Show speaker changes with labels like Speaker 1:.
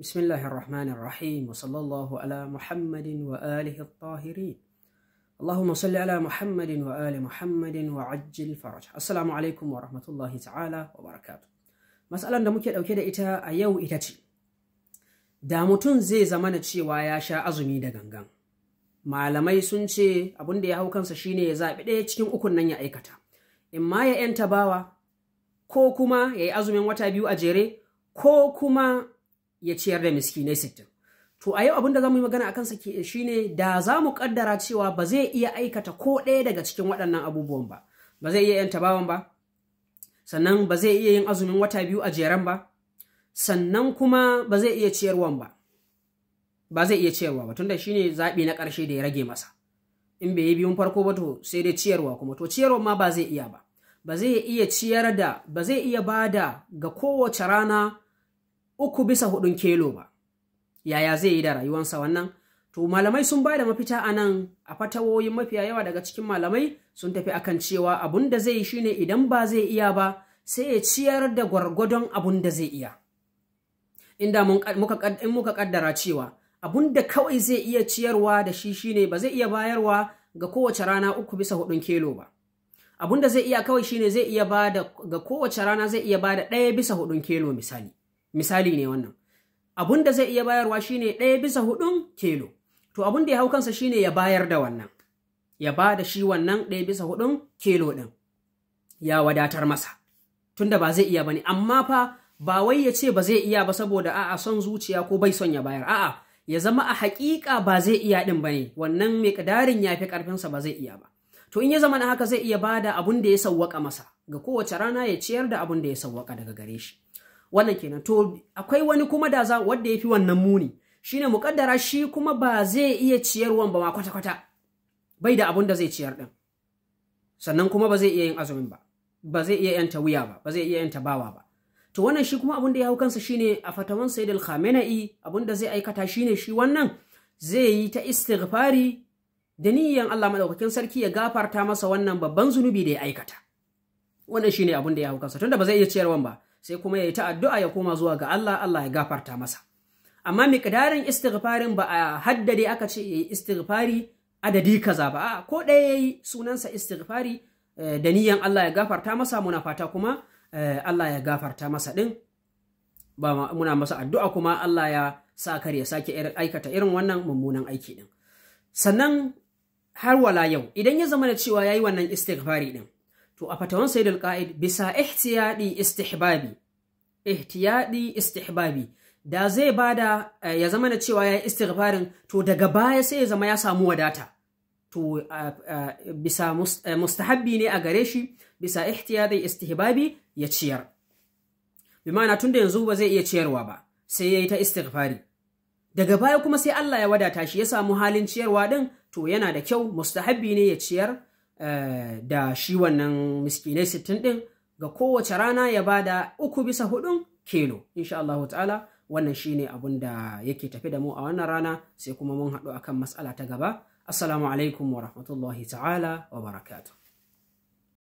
Speaker 1: بسم الله الرحمن الرحيم وصلى الله على محمد وآله الطاهرين اللهم صل da muke ɗauke da ita a yau ita ce da mutum zai zamana cewa ya sha azumi da gangan malamai sun ce abin da ya hau kansa shine ya zaɓi ɗaya cikin ukun nan ya aikata in ma ya yanta bawa ko kuma ya yi azumin wata biyu a jere ko kuma ya ciyar da miskinai sittin to a yau abin da za mu yi magana a kansa shine da za mu kaddara cewa ba zai iya aikata ko ɗaya daga cikin waɗannan abubuwan ba ba zai iya yin tabawan ba sannan ba zai iya yin azumin wata biyu a jeren ba sannan kuma ba zai iya ciyarwan ba ba zai iya ciyarwa ba tunda shine zaɓi na ƙarshe da ya rage masa in bai yi biyun farko ba to sai dai ciyarwa kuma to ciyarwa ma ba zai iya ba ba zai iya ciyar da ba zai iya bada ga kowace rana uku bisa hudun kelo ba yaya zai yi da rayuwansa wannan to malamai sun ba da mafita a nan a fatawoyin mafiya yawa daga cikin malamai sun tafi akan cewa abun da zai yi shine idan ba zai iya ba sai ya ciyar da gwargwadon abun da zai iya inda in muka kaddara cewa abun da kawai zai iya ciyarwa da shi shine ba zai iya bayarwa ga kowace rana uku bisa hudun kelo ba abun da zai iya kawai shine zai iya ba da ga kowace rana zai iya ba da ɗaya bisa hudun kelo misali misali ne wannan abun da zai iya bayarwa shine ɗaya bisa hudun kelo to abun da ya hau kansa shine ya bayar da wannan ya ba da shi wannan ɗaya bisa hudun kelo ɗin ya wadatar masa tunda ba zai iya bane amma fa ba wai ya ce ba zai iya ba saboda a'a son zuciya ko bai son ya bayar a'a ya zama a haƙiƙa ba zai iya ɗin ne, wannan mai ƙadarin ya fi ƙarfinsa ba zai iya ba to in ya zama na haka zai iya ba da abun da ya sawwaka masa ga kowace rana ya ciyar da abun da ya sawwaka daga gare shi wannan kenan to akwai wani kuma da za wanda yafi wannan muni shine mukaddara shi kuma ba zai iya ciyarwan ba ma kwata kwata bai da abun da zai ciyar din sannan kuma ba zai iya yin azumin ba ba zai iya yanta wuya ba ba zai iya yanta bawa ba to wannan shi kuma abun da ya hau kansa shine a fatawan sayyid al-khamenei abun da zai aikata shine shi wannan zai yi ta istighfari da niyyan Allah madaukakin sarki ya gafarta masa wannan babban zunubi da ya aikata wannan shine abun da ya hau kansa tunda ba zai iya ciyarwan ba sai kuma ya yi ta ya koma zuwa ga Allah Allah ya gafarta masa amma miqdarin istighfarin ba a haddade aka ce yayi istighfari adadi kaza ba ko ɗaya yayi sunansa istighfari eh, da niyan Allah ya gafarta masa muna fata kuma eh, Allah ya gafarta masa din ba muna masa addu'a kuma Allah ya sa kar ya sake aikata irin wannan mummunan aiki din sannan har wala yau idan ya zama da cewa ya yi wannan istighfari din to a fatawan sayyidul bisa ihtiyadi istihbabi ihtiyadi istihbabi da zai bada eh, ya zama na cewa ya istighfarin to daga baya sai ya zama ya samu wadata to bisa eh, mustahabbi ne a gare shi bisa ihtiyadi istihbabi ya ciyar bi ma'ana tunda yanzu ba zai iya ciyarwa ba sai ya yi ta istighfari daga baya kuma sai Allah ya wadata shi ya samu halin ciyarwa din to yana da kyau mustahabbi ne ya ciyar Eh, da shi wannan miskinai sittin ɗin ga kowace rana ya ba da uku bisa hudun kelo insha Allah ta'ala wannan shine abun da yake tafi da mu a wannan rana sai kuma mun haɗu akan matsala ta gaba assalamu alaikum wa rahmatullahi ta'ala wa barakatuh